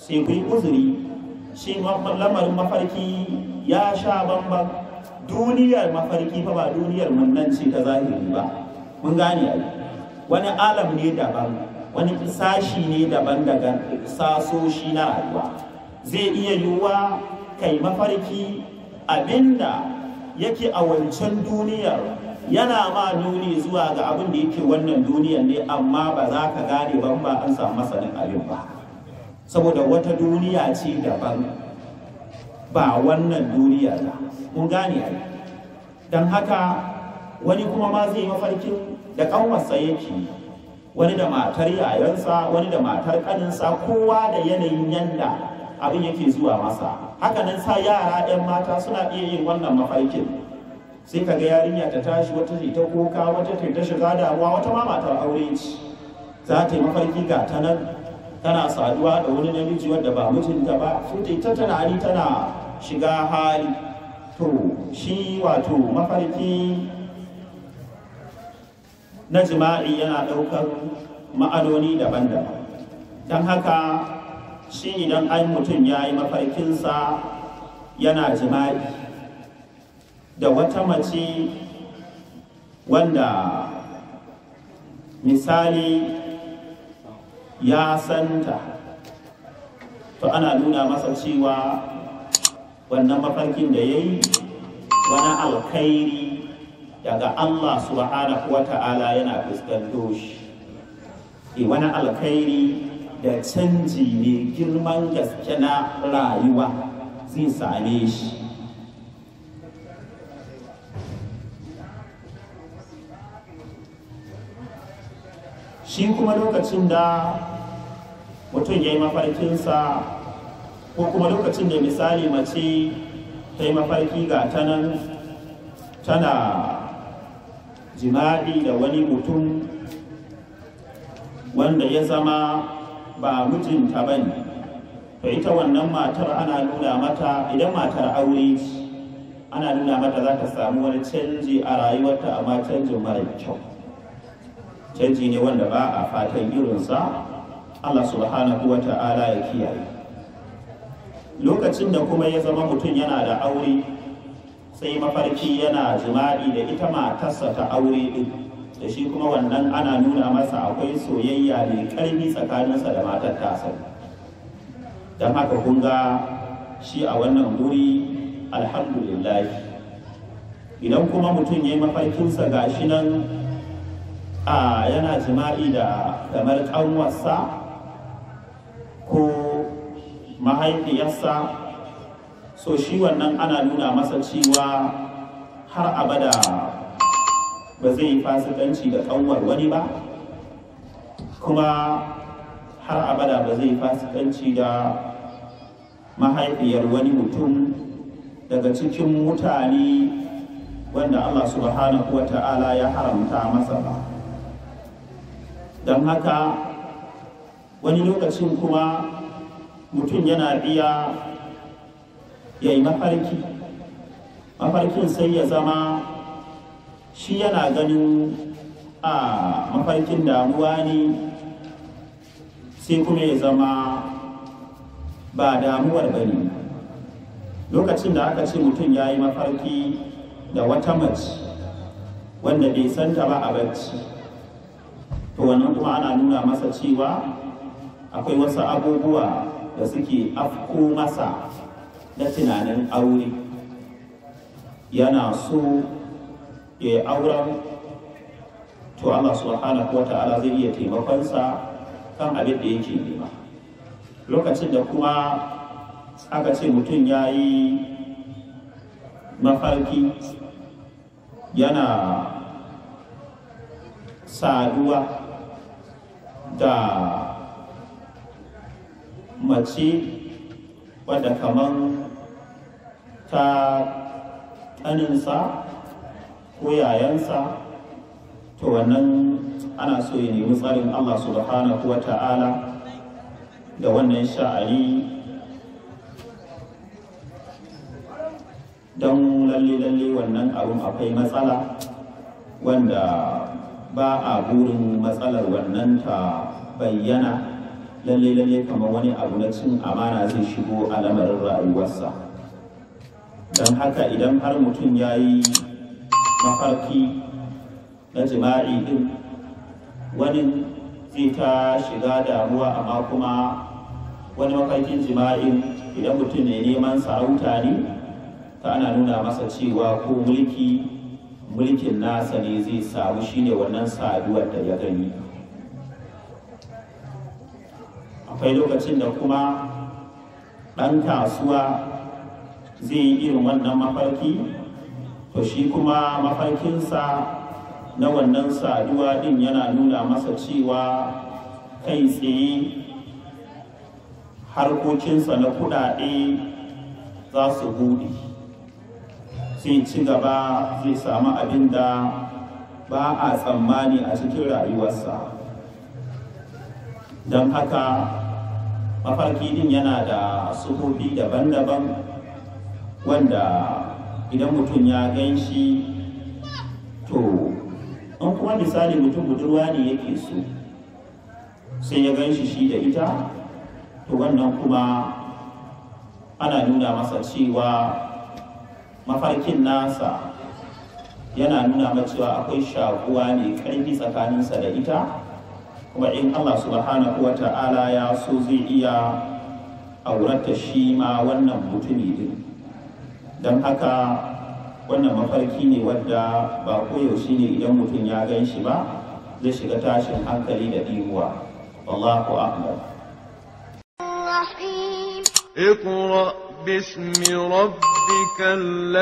sai ku yi uzuri shi lamarin mafarki ya sha bamba duniyar mafarki fa ba duniyar mannanci ta zahiri ba mun gane wani alam ne daban wani kisashi ne daban daga sasoshi na rayuwa zai iya yiwuwa kai mafarki abinda yake a wancan duniyar yana ma nuni zuwa ga abin da yake wannan duniyar ne amma ba za ka gane ban ba an samu masanin abin ba saboda wata duniya ce daban ba wannan duniya ba mun gane ai dan haka wani kuma ma zai mafarkin da kanwarsa yake wani da matar yayansa wani da matar kaninsa kowa da yanayin yanda abin yake zuwa masa Haka hakanan sa yara 'yan mata suna iya yin wannan mafarkin sai kaga yarinya ta tashi wata ce ta koka wata ta ta shiga damuwa wata ma matar aure ce za ta yi mafarki ga ta nan tana saduwa da wani namiji wanda ba mijinta ba sai ta tunani tana shiga hali to shi wato mafarki na jima'i yana ɗaukar ma'anoni daban-daban don haka shi idan an mutum ya yi mafarkinsa yana jima'i da wata mace wanda misali ya santa to ana nuna masa cewa wannan mafarkin da ya yi wani alkhairi daga Allah subhanahu Wataala yana fuskanto shi eh, wani alkhairi da canji mai girman gaske na rayuwa zai same shi shi kuma lokacin da mutum ya yi mafarkinsa ko kuma lokacin da misali mace ta yi mafarki ga ta tana jima'i da wani mutum wanda ya zama ba mijinta ba ne to ita wannan matar ana nuna mata idan matar aure ana nuna mata za ta samu wani canji a rayuwarta amma canjin mara kyau canji ne wanda ba a fatan irinsa Allah subhanahu wa ta'ala ya kiyaye lokacin da kuma ya zama mutum yana da aure sai mafarki yana jima'i da ita matarsa ta aure din da shi kuma wannan ana nuna masa akwai soyayya mai karfi tsakaninsa da matar tasa don haka kun ga shi a wannan guri alhamdulillah idan kuma mutum ya yi mafarkinsa gashi nan a yana jima'i da kamar ƙanwarsa mahaifiyarsa so shi wannan ana nuna masa cewa har abada ba zai yi fasikanci da ƙanwar wani ba kuma har abada ba zai fasikanci da mahaifiyar wani mutum daga cikin mutane wanda Allah subhanahu wa ta'ala ya haramta masa ba don haka wani lokacin kuma mutum yana iya ya yi mafarki mafarkin sai ya zama shi yana ganin a mafarkin damuwa ne sai kuma ya zama ba damuwar bane lokacin da aka ce mutum ya yi mafarki da wata mace wanda bai santa ba a bacci to wannan kuma ana nuna masa cewa akwai wasu abubuwa da suke afko masa na tunanin aure yana so ya yi auren to Allah subhanahu wa ta'ala zai iya taimakonsa kan abin da yake nema lokacin da kuma aka ce mutum ya yi mafarki yana saduwa da mace wadda kaman ta ƙaninsa ko yayansa to wannan ana so ya nemi tsarin Allah subhanahu wa ta'ala da wannan sha'ani don lalle-lalle wannan abin akwai matsala wanda ba a burin matsalar wannan ta bayyana lalle lalle kamar wani abu na cin amana zai shigo a lamarin rayuwarsa don haka idan har mutum ya yi mafarki na jima'i din wani zai ta shiga damuwa amma kuma wani mafarkin jima'i idan mutum ne neman sarauta ne ta ana nuna masa cewa ko mulki mulkin nasa ne zai samu shine wannan saduwar da ya gani akwai lokacin da kuma ɗan kasuwa zai yi irin wannan mafarki to shi kuma mafarkinsa na wannan saduwa ɗin yana nuna masa cewa kai tsaye harkokinsa na kuɗaɗe za su buɗe sai ci gaba zai samu abin da ba a tsammani a cikin rayuwarsa don haka mafarki din yana da sufofi daban-daban wanda idan mutum ya gan shi to in kuma misali mutum budurwa ne yake so sai ya gan shi shi da ita to wannan kuma ana nuna masa cewa mafarkin nasa yana nuna cewa akwai shakuwa ne karfi tsakaninsa da ita kuma in Allah subhanahu wa ta'ala ya so zai iya aurata shi ma wannan mutumi din don haka wannan mafarki ne wadda ba koyaushe ne idan mutum ya gan shi ba zai shiga tashin hankali da ihuwa wallahu akbar باسم ربك الذي